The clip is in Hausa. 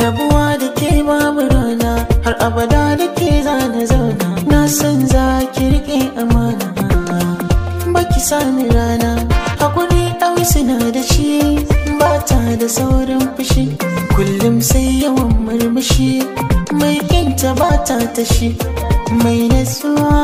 rabuwa da ke babu rana har abada da ke zana zauna na san za ki riƙe amana baki sami rana hakuri ɗau suna da shi ba ta da saurin fushi kullum sai yawan murmushi mai kinta ba ta tashi mai nasuwa